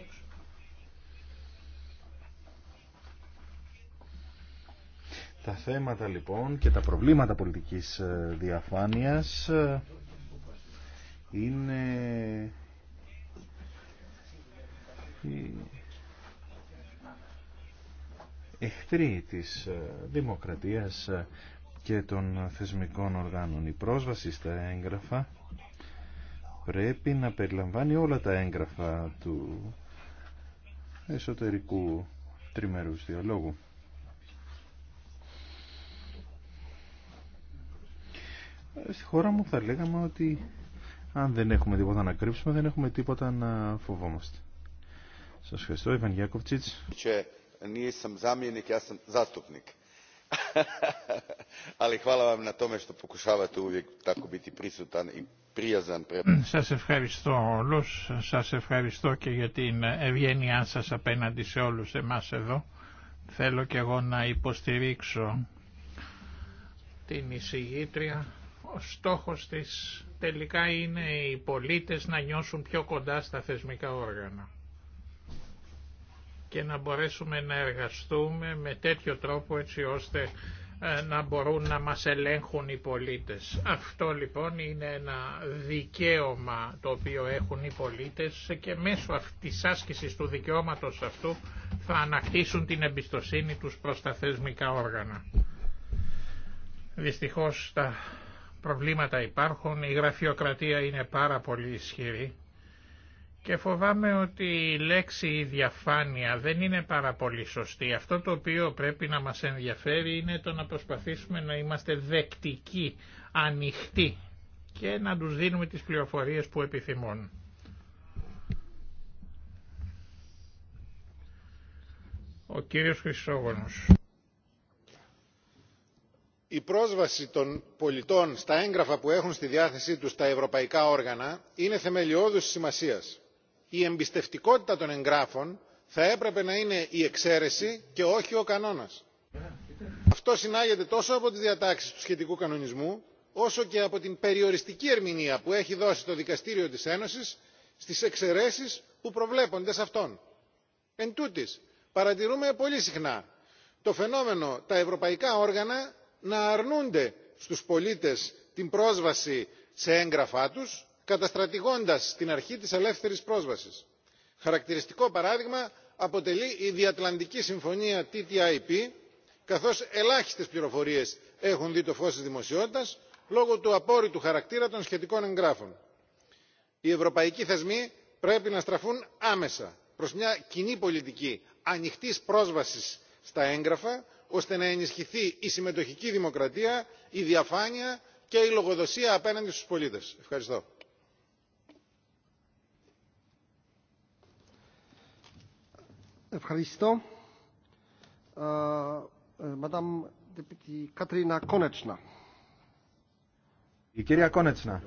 Τα θέματα λοιπόν και τα προβλήματα πολιτικής ε, διαφάνειας ε, είναι οι εχθροί της ε, δημοκρατίας ε, και των θεσμικών οργάνων. Η πρόσβαση στα έγγραφα πρέπει να περιλαμβάνει όλα τα έγγραφα του εσωτερικού τριμερούς διαλόγου. Στη χώρα μου θα λέγαμε ότι αν δεν έχουμε τίποτα να κρύψουμε δεν έχουμε τίποτα να φοβόμαστε. Σας ευχαριστώ, Ιβαν Γιάκοβτσιτς. Mm, ευχαριστώ όλους, σας ευχαριστώ και για την ευγένειά σας απέναντι σε όλους εμάς εδώ. Θέλω και εγώ να υποστηρίξω την εισηγήτρια. Ο στόχος της τελικά είναι οι πολίτες να νιώσουν πιο κοντά στα θεσμικά όργανα και να μπορέσουμε να εργαστούμε με τέτοιο τρόπο έτσι ώστε ε, να μπορούν να μας ελέγχουν οι πολίτες. Αυτό λοιπόν είναι ένα δικαίωμα το οποίο έχουν οι πολίτες και μέσω της άσκησης του δικαιώματος αυτού θα ανακτήσουν την εμπιστοσύνη τους προς τα θεσμικά όργανα. Δυστυχώς τα προβλήματα υπάρχουν, η γραφειοκρατία είναι πάρα πολύ ισχυρή και φοβάμαι ότι η λέξη διαφάνεια δεν είναι πάρα πολύ σωστή. Αυτό το οποίο πρέπει να μας ενδιαφέρει είναι το να προσπαθήσουμε να είμαστε δεκτικοί, ανοιχτοί και να τους δίνουμε τις πληροφορίες που επιθυμούν. Ο κύριος Χρυσόγονος. Η πρόσβαση των πολιτών στα έγγραφα που έχουν στη διάθεσή τους τα ευρωπαϊκά όργανα είναι θεμελιώδους σημασίας η εμπιστευτικότητα των εγγράφων θα έπρεπε να είναι η εξαίρεση και όχι ο κανόνας. αυτό συνάγεται τόσο από τις διατάξεις του σχετικού κανονισμού όσο και από την περιοριστική ερμηνεία που έχει δώσει το δικαστήριο της ένωσης στις εξαιρέσεις που προβλέπονται σε αυτόν. εν τούτης παρατηρούμε πολύ συχνά το φαινόμενο τα ευρωπαϊκά όργανα να αρνούνται στους πολίτες την πρόσβαση σε έγγραφά τους καταστρατηγώντας την αρχή της ελεύθερης πρόσβασης. χαρακτηριστικό παράδειγμα αποτελεί η διατλαντική συμφωνία ttip καθώς ελάχιστες πληροφορίες έχουν δει το φως της δημοσιότητας λόγω του απόρριτου χαρακτήρα των σχετικών εγγράφων. οι ευρωπαϊκοί θεσμοί πρέπει να στραφούν άμεσα προς μια κοινή πολιτική ανοιχτής πρόσβασης στα έγγραφα ώστε να ενισχυθεί η συμμετοχική δημοκρατία η διαφάνεια και η λογοδοσία απέναντι στους πολίτες. ευχαριστώ. Ευχαριστώ. Ε, ε, Κατρίνα Κόνετσνα. Η κυρία Κόνετσνα.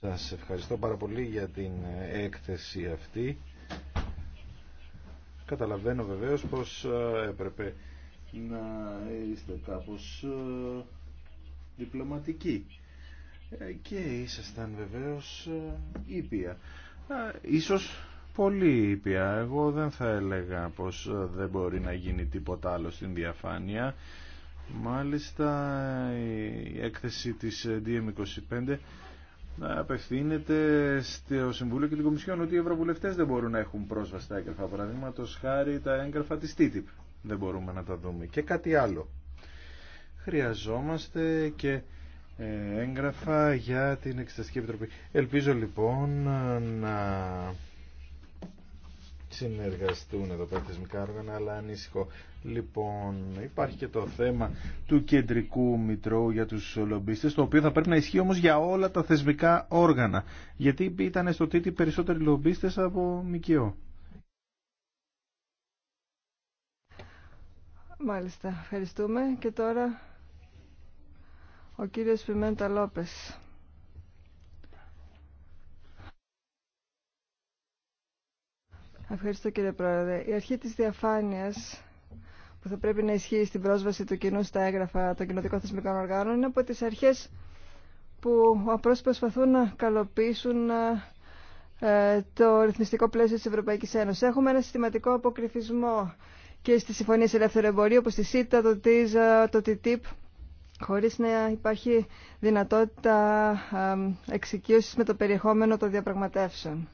Σας ευχαριστώ πάρα πολύ για την ε, έκθεση αυτή. Καταλαβαίνω βεβαίως πως έπρεπε να είστε κάπως διπλωματικοί ε, και ήσασταν βεβαίως ε, ήπια. Ίσως πολύ ήπια. Εγώ δεν θα έλεγα πως ε, δεν μπορεί να γίνει τίποτα άλλο στην διαφάνεια. Μάλιστα η έκθεση της DM25 απευθύνεται στο Συμβούλιο και την Κομισιόν ότι οι Ευρωβουλευτές δεν μπορούν να έχουν πρόσβαση στα έγγραφα. Παραδείγματο χάρη τα έγγραφα της TTIP δεν μπορούμε να τα δούμε. Και κάτι άλλο. Χρειαζόμαστε και ε, έγγραφα για την Εξεταστική Επιτροπή. Ελπίζω λοιπόν να συνεργαστούν εδώ πέρα θεσμικά όργανα, αλλά ανήσυχο. Λοιπόν, υπάρχει και το θέμα του κεντρικού μητρώου για τους λομπίστες, το οποίο θα πρέπει να ισχύει όμως για όλα τα θεσμικά όργανα, γιατί ήταν στο τίτι περισσότεροι λομπίστες από ΜΚΟ. Μάλιστα, ευχαριστούμε και τώρα ο κύριος Πιμέντα Λόπες. Ευχαριστώ κύριε Πρόεδρε. Η αρχή της διαφάνειας που θα πρέπει να ισχύει στην πρόσβαση του κοινού στα έγγραφα των κοινωτικών θεσμικών οργάνων είναι από τις αρχές που απλώς να καλοποιήσουν ε, το ρυθμιστικό πλαίσιο της Ευρωπαϊκής Ένωσης. Έχουμε ένα συστηματικό αποκρυφισμό και στις συμφωνίες ελεύθερου εμπορίου όπως τη ΣΥΤΑ, το ΤΙΖΑ, το ΤΙΤΙΠ χωρίς να υπάρχει δυνατότητα εξοικείωσης με το περιεχόμενο των διαπραγματεύσεων.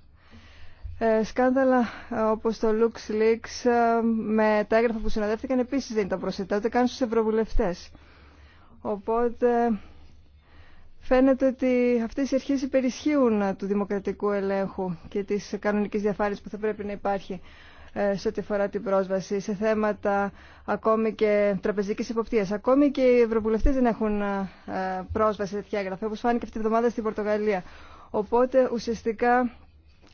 Ε, σκάνδαλα ε, όπως το LuxLeaks ε, με τα έγγραφα που συναντήθηκαν επίσης δεν ήταν προσιτά, ούτε καν στους ευρωβουλευτές. Οπότε φαίνεται ότι αυτές οι αρχές υπερισχύουν του δημοκρατικού ελέγχου και της κανονικής διαφάνειας που θα πρέπει να υπάρχει ε, σε ό,τι αφορά την πρόσβαση, σε θέματα ακόμη και τραπεζικής υποπτίας. Ακόμη και οι ευρωβουλευτές δεν έχουν ε, πρόσβαση σε τέτοια έγγραφα, όπως φάνηκε αυτή τη βδομάδα στην Πορτογαλία. Οπότε ουσιαστικά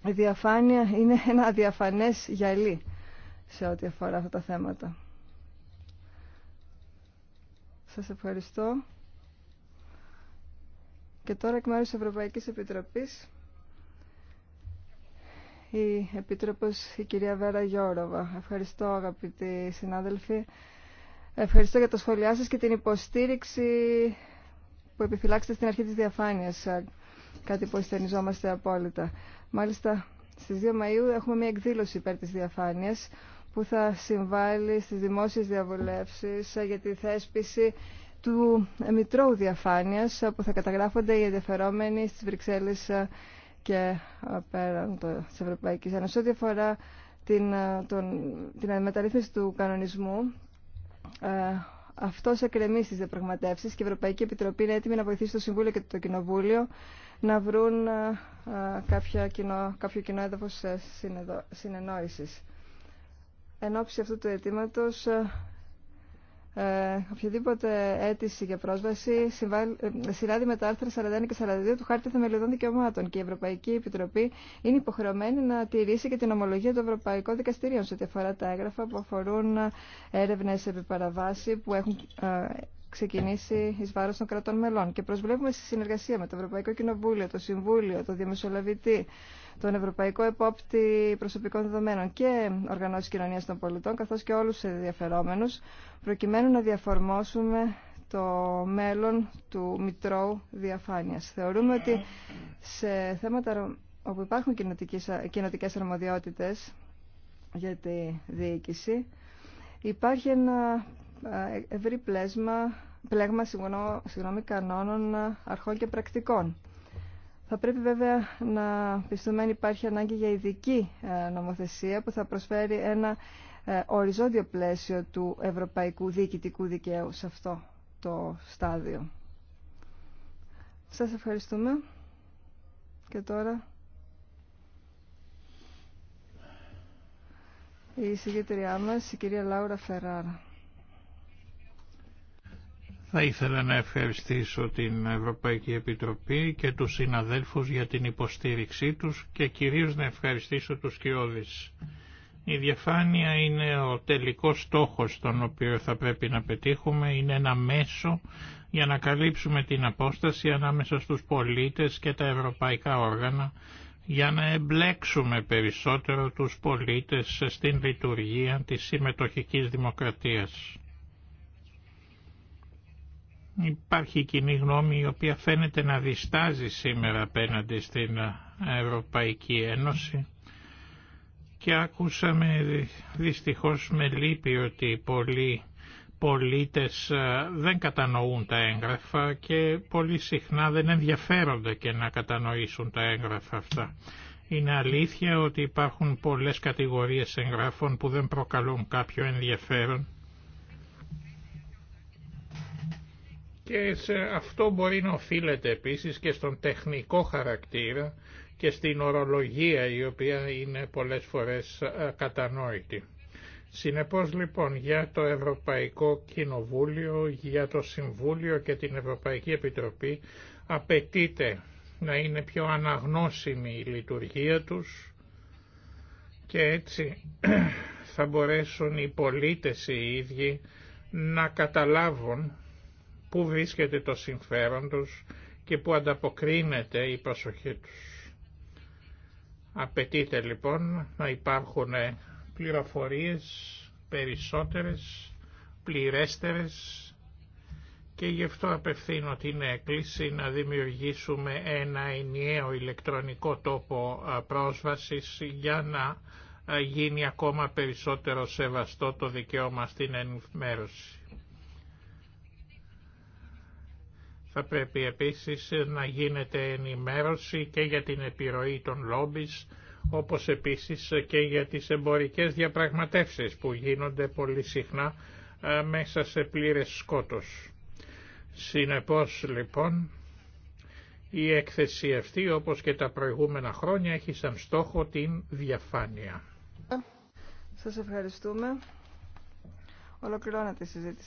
η διαφάνεια είναι ένα αδιαφανές γυαλί σε ό,τι αφορά αυτά τα θέματα. Σας ευχαριστώ. Και τώρα εκ μέρους της Ευρωπαϊκής Επιτροπής η Επίτροπος η κυρία Βέρα Γιώροβα. Ευχαριστώ αγαπητοί συνάδελφοι. Ευχαριστώ για τα σχόλιά σας και την υποστήριξη που επιφυλάξετε στην αρχή της διαφάνειας. Κάτι που αισθενιζόμαστε απόλυτα. Μάλιστα, στις 2 Μαΐου έχουμε μια εκδήλωση υπέρ της διαφάνειας που θα συμβάλλει στις δημόσιες διαβουλεύσεις για τη θέσπιση του Μητρώου Διαφάνειας που θα καταγράφονται οι ενδιαφερόμενοι στις Βρυξέλλες και ε, πέραν τη Ευρωπαϊκή. Ένωση. Ό,τι αφορά την, ε, τον, την μεταρρύθμιση του κανονισμού, ε, αυτό ακρεμεί στι διαπραγματεύσει και η Ευρωπαϊκή Επιτροπή είναι έτοιμη να βοηθήσει το Συμβούλιο και το Κοινοβούλιο να βρουν κάποιο κοινό, κάποιο κοινό έδαφο συνεννόηση. Εν ώψη αυτού του αιτήματο, ε, οποιαδήποτε αίτηση για πρόσβαση ε, συνάδει με τα άρθρα 41 και 42 του Χάρτη Θεμελιωδών Δικαιωμάτων και η Ευρωπαϊκή Επιτροπή είναι υποχρεωμένη να τηρήσει και την ομολογία του Ευρωπαϊκών Δικαστηρίων σε ό,τι αφορά τα έγγραφα που αφορούν έρευνε επί παραβάση που έχουν ε, ξεκινήσει εις βάρος των κρατών μελών. Και προσβλέπουμε στη συνεργασία με το Ευρωπαϊκό Κοινοβούλιο, το Συμβούλιο, το Διαμεσολαβητή, τον Ευρωπαϊκό Επόπτη Προσωπικών Δεδομένων και Οργανώσεις Κοινωνίας των Πολιτών, καθώς και όλους τους ενδιαφερόμενους, προκειμένου να διαφορμόσουμε το μέλλον του Μητρώου διαφάνεια. Θεωρούμε ότι σε θέματα όπου υπάρχουν κοινοτικέ αρμοδιότητες για τη διοίκηση, υπάρχει ένα ε, ευρύ πλέσμα, πλέγμα συγγνώμη, κανόνων, αρχών και πρακτικών. Θα πρέπει βέβαια να πιστούμε αν υπάρχει ανάγκη για ειδική ε, νομοθεσία που θα προσφέρει ένα ε, οριζόντιο πλαίσιο του ευρωπαϊκού διοικητικού δικαίου σε αυτό το στάδιο. Σας ευχαριστούμε. Και τώρα η συγκεκριά μας, η κυρία Λάουρα Φεράρα. Θα ήθελα να ευχαριστήσω την Ευρωπαϊκή Επιτροπή και τους συναδέλφους για την υποστήριξή τους και κυρίως να ευχαριστήσω τους Κιώδης. Η διαφάνεια είναι ο τελικός στόχος τον οποίο θα πρέπει να πετύχουμε, είναι ένα μέσο για να καλύψουμε την απόσταση ανάμεσα στους πολίτες και τα ευρωπαϊκά όργανα, για να εμπλέξουμε περισσότερο τους πολίτες στην λειτουργία της συμμετοχικής δημοκρατίας. Υπάρχει κοινή γνώμη η οποία φαίνεται να διστάζει σήμερα απέναντι στην ε, Ευρωπαϊκή Ένωση και άκουσαμε δυστυχώς με λύπη ότι πολλοί πολίτες ε, δεν κατανοούν τα έγγραφα και πολύ συχνά δεν ενδιαφέρονται και να κατανοήσουν τα έγγραφα αυτά. Είναι αλήθεια ότι υπάρχουν πολλές κατηγορίες εγγράφων που δεν προκαλούν κάποιο ενδιαφέρον Και σε αυτό μπορεί να οφείλεται επίσης και στον τεχνικό χαρακτήρα και στην ορολογία η οποία είναι πολλές φορές ε, κατανόητη. Συνεπώς λοιπόν για το Ευρωπαϊκό Κοινοβούλιο, για το Συμβούλιο και την Ευρωπαϊκή Επιτροπή απαιτείται να είναι πιο αναγνώσιμη η λειτουργία τους και έτσι θα μπορέσουν οι πολίτες οι ίδιοι να καταλάβουν πού βρίσκεται το συμφέρον τους και πού ανταποκρίνεται η προσοχή τους. Απαιτείται λοιπόν να υπάρχουν πληροφορίες περισσότερες, πληρέστερες και γι' αυτό απευθύνω την έκκληση να δημιουργήσουμε ένα ενιαίο ηλεκτρονικό τόπο πρόσβασης για να γίνει ακόμα περισσότερο σεβαστό το δικαίωμα στην ενημέρωση. Θα πρέπει επίσης να γίνεται ενημέρωση και για την επιρροή των λόμπις, όπως επίσης και για τις εμπορικές διαπραγματεύσεις που γίνονται πολύ συχνά ε, μέσα σε πλήρες σκότος. Συνεπώς λοιπόν η έκθεση αυτή όπως και τα προηγούμενα χρόνια έχει σαν στόχο την διαφάνεια. Σας ευχαριστούμε. Ολοκληρώνεται η συζήτηση.